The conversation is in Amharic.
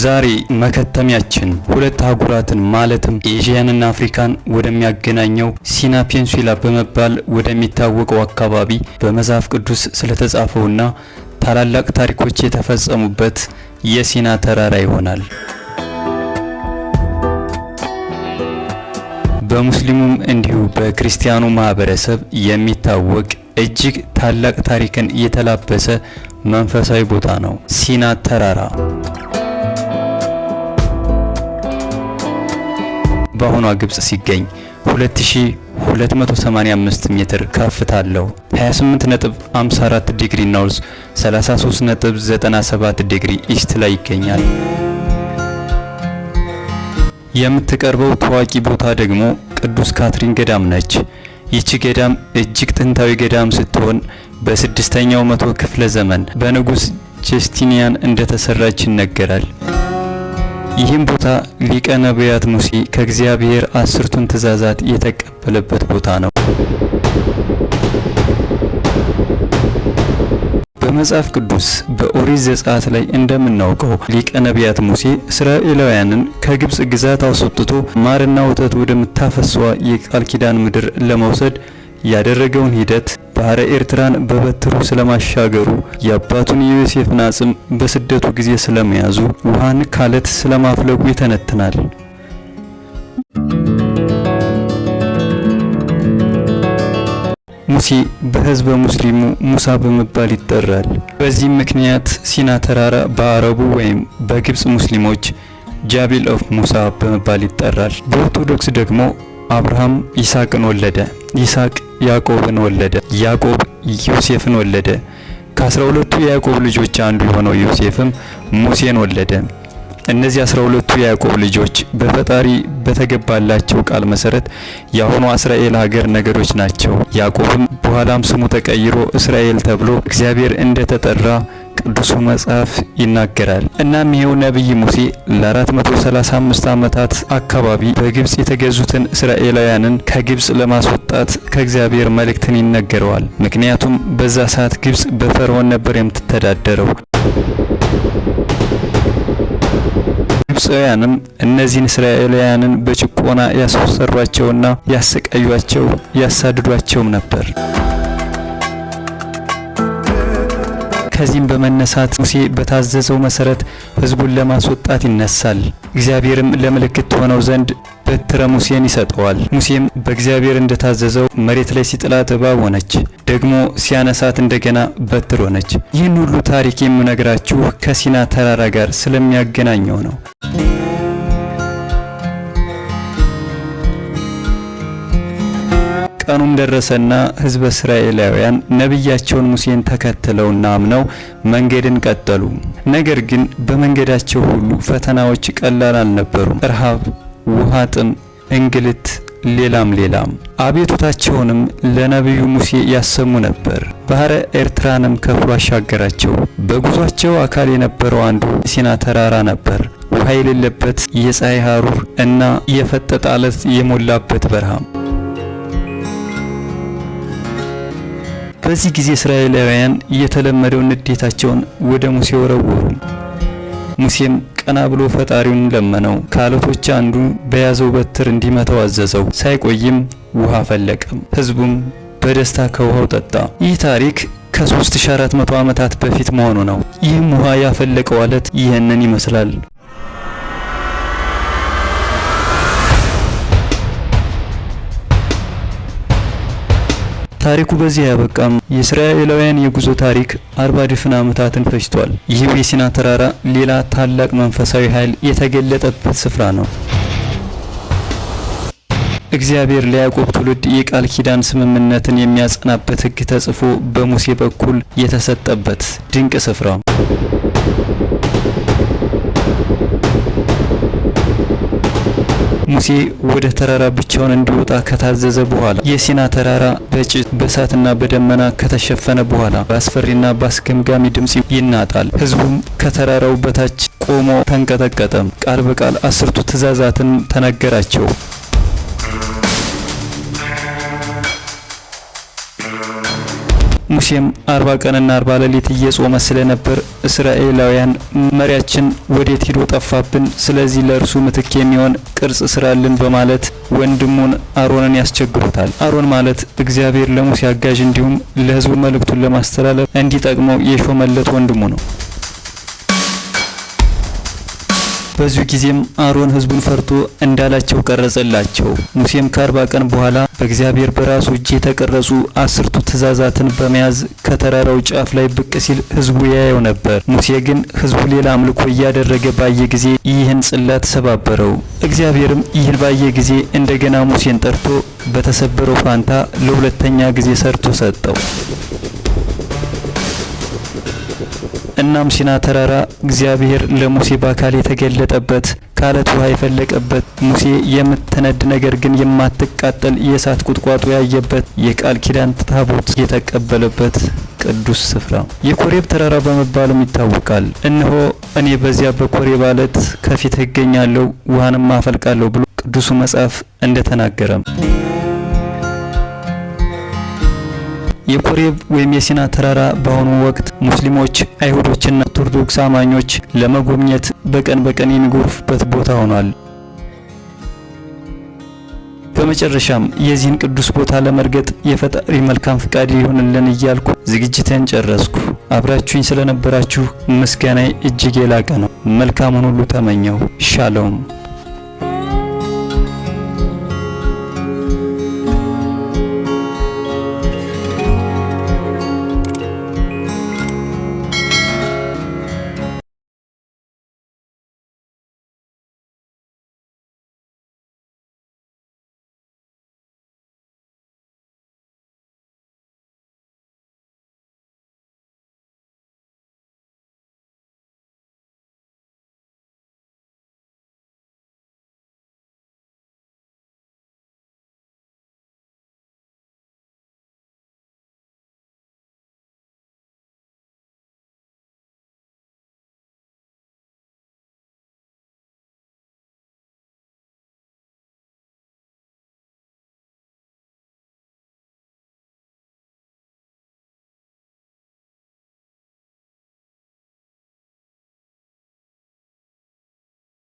ዛሬ መከተሚያችን ሁለት አህጉራትን ማለትም ኤዥያንና አፍሪካን ወደሚያገናኘው ሲና ፔንሱላ በመባል ወደሚታወቀው አካባቢ በመጽሐፍ ቅዱስ ስለተጻፈውና ታላላቅ ታሪኮች የተፈጸሙበት የሲና ተራራ ይሆናል። በሙስሊሙም እንዲሁ በክርስቲያኑ ማህበረሰብ የሚታወቅ እጅግ ታላቅ ታሪክን የተላበሰ መንፈሳዊ ቦታ ነው ሲና ተራራ። በአሁኗ ግብጽ ሲገኝ 2285 ሜትር ከፍታ አለው። 28.54 ዲግሪ ኖርዝ፣ 33.97 ዲግሪ ኢስት ላይ ይገኛል። የምትቀርበው ታዋቂ ቦታ ደግሞ ቅዱስ ካትሪን ገዳም ነች። ይቺ ገዳም እጅግ ጥንታዊ ገዳም ስትሆን በስድስተኛው መቶ ክፍለ ዘመን በንጉስ ጀስቲኒያን እንደተሰራች ይነገራል። ይህም ቦታ ሊቀ ነቢያት ሙሴ ከእግዚአብሔር አስርቱን ትእዛዛት የተቀበለበት ቦታ ነው። በመጽሐፍ ቅዱስ በኦሪት ዘጸአት ላይ እንደምናውቀው ሊቀ ነቢያት ሙሴ እስራኤላውያንን ከግብፅ ግዛት አስወጥቶ ማርና ወተት ወደምታፈሷ የቃል ኪዳን ምድር ለመውሰድ ያደረገውን ሂደት ባህረ ኤርትራን በበትሩ ስለማሻገሩ የአባቱን የዮሴፍን አጽም በስደቱ ጊዜ ስለመያዙ ውሃን ካለት ስለማፍለጉ ይተነትናል። ሙሴ በህዝበ ሙስሊሙ ሙሳ በመባል ይጠራል። በዚህም ምክንያት ሲና ተራራ በአረቡ ወይም በግብፅ ሙስሊሞች ጃቢል ኦፍ ሙሳ በመባል ይጠራል። በኦርቶዶክስ ደግሞ አብርሃም ይስሐቅን ወለደ። ይስሐቅ ያዕቆብን ወለደ። ያዕቆብ ዮሴፍን ወለደ። ከአስራ ሁለቱ የያዕቆብ ልጆች አንዱ የሆነው ዮሴፍም ሙሴን ወለደ። እነዚህ አስራ ሁለቱ የያዕቆብ ልጆች በፈጣሪ በተገባላቸው ቃል መሰረት የአሁኑ እስራኤል ሀገር ነገዶች ናቸው። ያዕቆብም በኋላም ስሙ ተቀይሮ እስራኤል ተብሎ እግዚአብሔር እንደተጠራ ቅዱሱ መጽሐፍ ይናገራል። እናም ይሄው ነቢይ ሙሴ ለ435 ዓመታት አካባቢ በግብጽ የተገዙትን እስራኤላውያንን ከግብጽ ለማስወጣት ከእግዚአብሔር መልእክትን ይነገረዋል። ምክንያቱም በዛ ሰዓት ግብጽ በፈርዖን ነበር የምትተዳደረው። ግብፃውያንም እነዚህን እስራኤላውያንን በጭቆና ያስወሰሯቸውና ያሰቃዩቸው ያሳድዷቸውም ነበር። ከዚህም በመነሳት ሙሴ በታዘዘው መሰረት ህዝቡን ለማስወጣት ይነሳል። እግዚአብሔርም ለምልክት ትሆነው ዘንድ በትረ ሙሴን ይሰጠዋል። ሙሴም በእግዚአብሔር እንደታዘዘው መሬት ላይ ሲጥላት እባብ ሆነች፣ ደግሞ ሲያነሳት እንደገና በትር ሆነች። ይህን ሁሉ ታሪክ የምነግራችሁ ከሲና ተራራ ጋር ስለሚያገናኘው ነው። ቀኑም ደረሰና ህዝበ እስራኤላውያን ነቢያቸውን ሙሴን ተከትለውና አምነው መንገድን ቀጠሉ። ነገር ግን በመንገዳቸው ሁሉ ፈተናዎች ቀላል አልነበሩም። ርሃብ፣ ውሃ ጥም፣ እንግልት፣ ሌላም ሌላም። አቤቱታቸውንም ለነቢዩ ሙሴ ያሰሙ ነበር። ባህረ ኤርትራንም ከፍሎ አሻገራቸው። በጉዟቸው አካል የነበረው አንዱ ሲና ተራራ ነበር። ውሃ የሌለበት የፀሐይ ሐሩር እና የፈጠጠ አለት የሞላበት በረሃም በዚህ ጊዜ እስራኤላውያን እየተለመደው ንዴታቸውን ወደ ሙሴ ወረወሩ። ሙሴም ቀና ብሎ ፈጣሪውን ለመነው። ከአለቶች አንዱ በያዘው በትር እንዲመታው አዘዘው። ሳይቆይም ውሃ ፈለቀም። ህዝቡም በደስታ ከውሃው ጠጣ። ይህ ታሪክ ከ3400 ዓመታት በፊት መሆኑ ነው። ይህም ውሃ ያፈለቀው አለት ይህንን ይመስላል። ታሪኩ በዚህ አያበቃም። የእስራኤላውያን የጉዞ ታሪክ አርባ ድፍን ዓመታትን ፈጅቷል። ይህ የሲና ተራራ ሌላ ታላቅ መንፈሳዊ ኃይል የተገለጠበት ስፍራ ነው። እግዚአብሔር ለያዕቆብ ትውልድ የቃል ኪዳን ስምምነትን የሚያጸናበት ሕግ ተጽፎ በሙሴ በኩል የተሰጠበት ድንቅ ስፍራ ሙሴ ወደ ተራራ ብቻውን እንዲወጣ ከታዘዘ በኋላ የሲና ተራራ በጭት በእሳትና በደመና ከተሸፈነ በኋላ በአስፈሪና በአስገምጋሚ ድምፅ ይናጣል። ህዝቡም ከተራራው በታች ቆሞ ተንቀጠቀጠ። ቃል በቃል አስርቱ ትእዛዛትን ተነገራቸው። ሙሴም አርባ ቀንና አርባ ሌሊት እየጾመ ስለነበር እስራኤላውያን መሪያችን ወዴት ሂዶ ጠፋብን፣ ስለዚህ ለእርሱ ምትክ የሚሆን ቅርጽ ስራልን በማለት ወንድሙን አሮንን ያስቸግሩታል። አሮን ማለት እግዚአብሔር ለሙሴ አጋዥ እንዲሁም ለሕዝቡ መልእክቱን ለማስተላለፍ እንዲጠቅመው የሾመለት ወንድሙ ነው። በዚሁ ጊዜም አሮን ህዝቡን ፈርቶ እንዳላቸው ቀረጸላቸው። ሙሴም ከአርባ ቀን በኋላ በእግዚአብሔር በራሱ እጅ የተቀረጹ አስርቱ ትእዛዛትን በመያዝ ከተራራው ጫፍ ላይ ብቅ ሲል ህዝቡ ያየው ነበር። ሙሴ ግን ህዝቡ ሌላ አምልኮ እያደረገ ባየ ጊዜ ይህን ጽላት ሰባበረው። እግዚአብሔርም ይህን ባየ ጊዜ እንደገና ሙሴን ጠርቶ በተሰበረው ፋንታ ለሁለተኛ ጊዜ ሰርቶ ሰጠው። እናም ሲና ተራራ እግዚአብሔር ለሙሴ በአካል የተገለጠበት ከአለት ውሃ የፈለቀበት ሙሴ የምትነድ ነገር ግን የማትቃጠል የእሳት ቁጥቋጦ ያየበት የቃል ኪዳን ታቦት የተቀበለበት ቅዱስ ስፍራ የኮሬብ ተራራ በመባልም ይታወቃል። እነሆ እኔ በዚያ በኮሬብ አለት ከፊት እገኛለሁ ውሃንም አፈልቃለሁ ብሎ ቅዱሱ መጽሐፍ እንደተናገረም የኮሬብ ወይም የሲና ተራራ በአሁኑ ወቅት ሙስሊሞች፣ አይሁዶችና ኦርቶዶክስ አማኞች ለመጎብኘት በቀን በቀን የሚጎርፉበት ቦታ ሆኗል። በመጨረሻም የዚህን ቅዱስ ቦታ ለመርገጥ የፈጣሪ መልካም ፍቃድ ይሆንልን እያልኩ ዝግጅቴን ጨረስኩ። አብራችሁኝ ስለነበራችሁ ምስጋናዬ እጅግ የላቀ ነው። መልካሙን ሁሉ ተመኘው። ሻሎም